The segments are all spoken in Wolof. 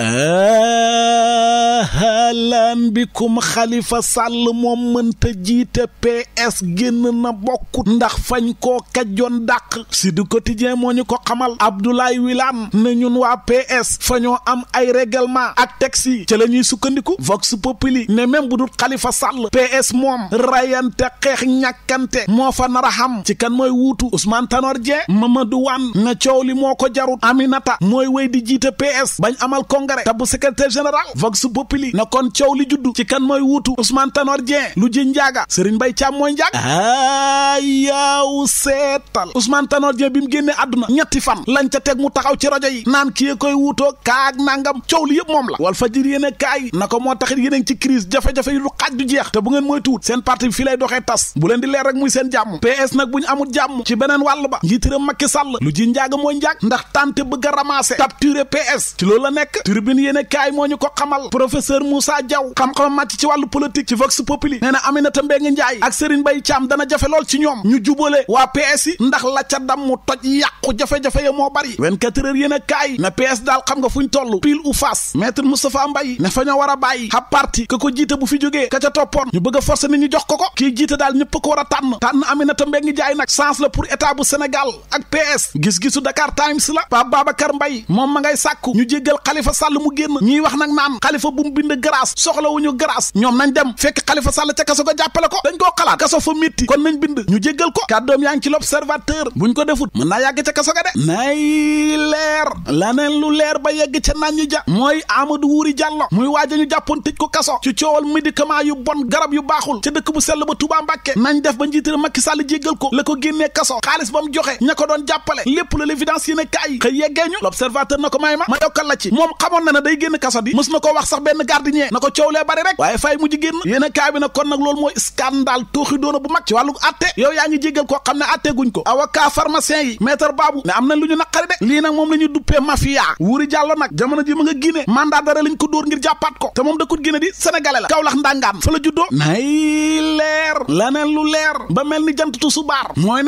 Uh ahlan bikum xalifa sàll moom mënta jiite PS génn na bokk ndax fañ koo kajjoon dàq si du quotidien moo ñu ko xamal Abdoulaye Wilane na ñun waa PS fa ñoo am ay règlement ak texte yi ca la ñuy sukkandiku Vox Populi ne même bu dul xalifa sàll PS moom rayante xeex ñàkkante moo fa nar a xam ci kan mooy wuutu Ousmane Tanor Dieng du Wane na coow li moo ko jarut Aminata mooy wéy di jiite PS bañ amal congrès te bu secrétaire général Vox Populi na kon ciow li judd ci kan moy wutu Ousmane Tanor Dieng lu ji njaga Serigne Mbaye cham moy njaag a ah, setal Ousmane Tanor Dieng bim genné aduna ñetti fan lañ ca tek mu taxaw ci rajo yi naan kii koy wuutoo kaag nangam ciow li yeb mom la wal fajir yene kay na mo taxit yéen ci crise jafé jafé yu xajju jeex te bu ngeen moy tout sen parti fi lay doxé tas bu len di leer rek muy sen jamm PS nak buñ amul jamm ci benen walu ba njiitiram Macky Sall lu njaga moy ndax tante bëgg ramasser capturer PS ci lolu la nek tribune yene kay moñu ko xamal professeur Moussa jaw xam a màcc ci wàllu politique ci vox populi nee na Aminata Mbengue Ndiaye ak Serigne Mbaye Thiam dana jafe lool ci ñoom ñu jubale waa PS yi ndax la ca dam mu toj yàqu jafe-jafe ya moo bari 24 heures yéen a kaay na PS daal xam nga fu ñu toll pile u face maître Moustapha Mbaye ne fa ñoo war a bàyyi ab parti ka ko jiite bu fi jógee ka ca toppoon ñu bëgg a forcer ñu jox ko ko kii jiite daal ñëpp ko war a tànn tànn Aminata Mbengue Ndiaye nag chance la pour état bu Sénégal gis-gisu Dakar Times la Pape Babacar Mbaye moom ma ngay sàkku ñu jéggal Khalifa Sall mu génn ñiy wax nag naan Khalifa bu mu bind grâce soxlawuñu grâce ñoom nañ dem fekk Khalifa Sall ca kaso ko jàppale ko dañ ko xalaat kaso fa métti kon nañ bind ñu jéggal ko kàddoom yaa ngi ci l'observateur buñ ko defut mën naa yàgg ca kaso ga de nay leer laneen lu leer ba yegg ca naan ñi ja mooy Amadou Wuri Diallo muy waaja ñu jàppoon tëj ko kaso ci coowal médicament yu bon garab yu baaxul ca dëkk bu sell ba Touba Mbàkke nañ def ba njiitara Macky Sall jéggal ko la ko génnee kaso xaalis ba mu jox ko doon jàppale lépp la l'évidence yéen a kaay xëy yeggee ñu l'observateur na ci moom xamoon na ne day génn kaso di mës na ko wax sax benn gardien ko coow lee bari rek waaye fay mu jigéen na yéen a kaay bi nag kon nag loolu mooy scandale tooxi doona bu mag ci wàllu atte yow yaa ngi jéggal koo xam ne atte guñ ko avocat pharmacien yi maître Babou ne am nañ lu ñu naqari de lii nag moom la ñu duppee mafia wuuri jàllo nag jamono ji ma nga Guinée mandat dara lañ ko dóor ngir jàppaat ko te moom dëkkut Guinée di sénégalais la Kaolack ndàngaan fa la juddoo nay leer laneen lu leer ba mel ni jant tusubaar mooy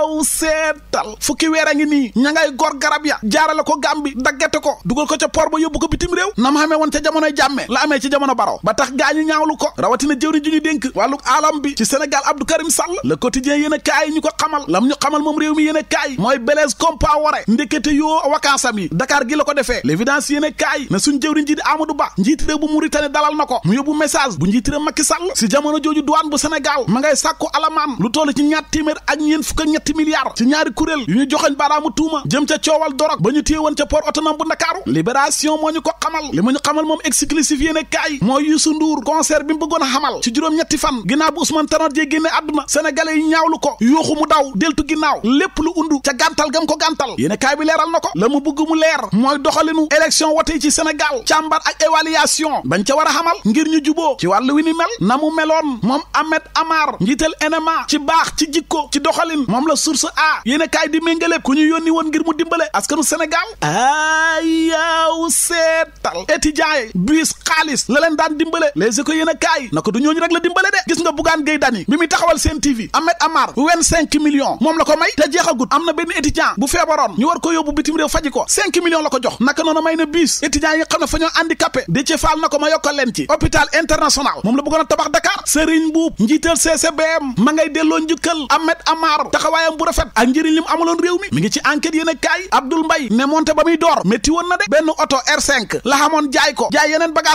waaw seetal fukki weer a ngi nii ña ngay gor garab ya jaarale ko gambi daggete ko dugal ko ci por ba yóbbu ko bitim rew nam xamé won ci jamono jàmme la amé ci jamono baro ba tax gañu ñaawlu ko rawatina jëwriñ ju ñu dénk wàllu alam bi ci Sénégal Abdou Karim Sall le quotidien yéen kay kaay ñu ko xamal lam ñu xamal mom rew mi yéen kay moy mooy compa waré ndekete yo wakansam yi Dakar gi lako défé l'évidence yéen kay na suñu jëwri ji Amadou Ba njiit réew bu Mauritanie dalal nako mu yobbu message bu njiit réew Macky Sall ci jamono joju douane bu Sénégal ma ngay sakku alamam lu tollu ci ñaat timer ak ñeen fukk ñaat ñetti milliards ci ñaari kuréel yu ñu joxoñ baaraamu tuuma jëm ca coowal dorog ba ñu téye ca port autonome a na la mu bëgg mu leer mooy doxalinu élection wote yi ci Sénégal a ak évaluation bañ ca war a xamal ngir ñu juboo ci wàllu wi ni mel na mu meloon moom Ahmed Amar njiital NMA ci baax ci jikko ci doxalin moom la source a yéen a kaay di méngale ku ñu yónni woon ngir mu dimbale askanu Sénégal aayaaw seetal étudiant yi bus xaalis la leen daan dimbale les éco yéen a kaay na ko du ñooñu rek la dimbale de gis nga Bougane Gueye bi muy taxawal seen TV Ahmed Amar vingt-cinq moom la ko may te jeexagut am na benn étudiant bu feebaroon ñu war ko yóbbu bitim réew faji ko cinq la ko jox naka noonu may na biis étudiants yi nga xam ne fa ñoo handicapé Déthié Fall na ko ma yokkal leen ci hôpital international moom la bëggoon a tabax Dakar Serigne Mboup njiital CCBM ma ngay delloo taxawaayam bu rafet ak njëriñ li mu amaloon mi mi ngi ci enquête yéen a kaay Abdoul Mbaye ne monté ba muy door métti woon na de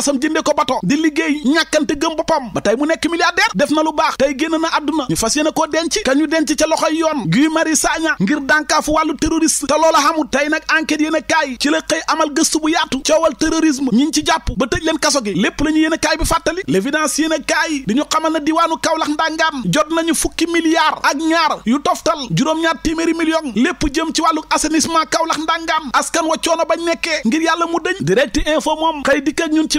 palaasam jënde ko bato di liggéey ñàkkante gëm boppam ba tey mu nekk milliardaire def na lu baax tey génn na àdduna ñu fas yéene koo denc ka ñu denc ca loxoy yoon Guy Marius Sagna ngir dànkaafu wàllu terroriste te loola xamul tey nag enquête yéen a kaay ci la xëy amal gëstu bu yaatu coowal terrorisme ñi ci jàpp ba tëj leen kaso gi lépp la ñu yéen a kaay bi fàttali l'évidence yéen a kaay di ñu xamal na diwaanu Kaolack ndàngaam jot nañu fukki milliards ak ñaar yu toftal juróom-ñaar téeméeri million lépp jëm ci wàllu assainissement Kaolack ndàngaam askan wa coono bañ nekkee ngir yàlla mu dëñ direct info moom xëy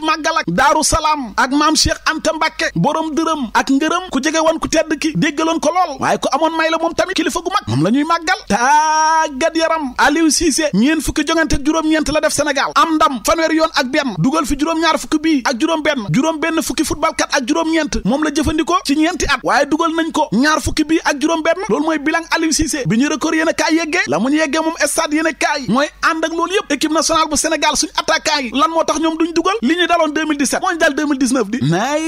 màggal ak daaru salaam ak maam Cheikh Anta Mbàkke borom dërëm ak ngërëm ku jege woon ku tedd ki déggaloon ko lool waaye ku amoon may la moom tamit kilifa gu mag moom la ñuy màggal tàggat yaram Aliou Cissé ñeen fukki jongante ak juróom-ñeent la def senegal am ndam fanweer yoon ak benn dugal fi juróom-ñaar fukki bii ak juróom-benn juróom-benn fukki footballkat ak juróom-ñeent moom la jëfandikoo ci ñeenti at waaye dugal nañ ko ñaar fukki bii ak juróom-benn loolu mooy bilan bi ñu record yéen a kaay yeggee la mu a kaay mooy moo tax ñoom duñ dugal li deux daloon 2017 moo ñu dal 2019 di nay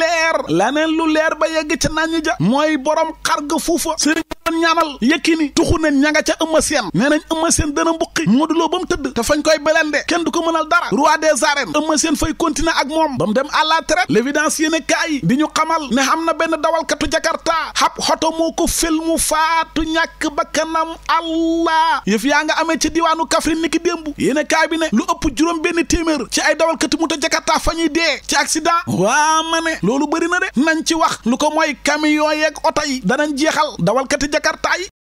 leer laneen lu leer ba yegg ca nañ ja mooy borom xar ga fuufa sëriñ am ñaanal Yékini tuxu nañ ña nga ca Eumeu Sène nee nañ Eumeu Sène dana mbuqi Modou Lo ba mu tëdd te fañ koy belende kenn du ko mënal dara roi des arènes Eumeu Sène fay continuer ak moom ba mu dem à la traite l'évidence di ñu xamal ne am na benn dawalkatu Jakarta xab xoto ko fël mu faatu ñàkk bakkanam Allah yëf yaa nga amee ci diwaanu Kaffrine niki démb yéen kaay bi ne lu ëpp juróom benn téeméer ci ay dawalkatu moto Jakarta fa ñuy dee ci accident waa ma ne loolu na de nañ ci wax lu ko mooy camion yeeg oto yi danañ Cara,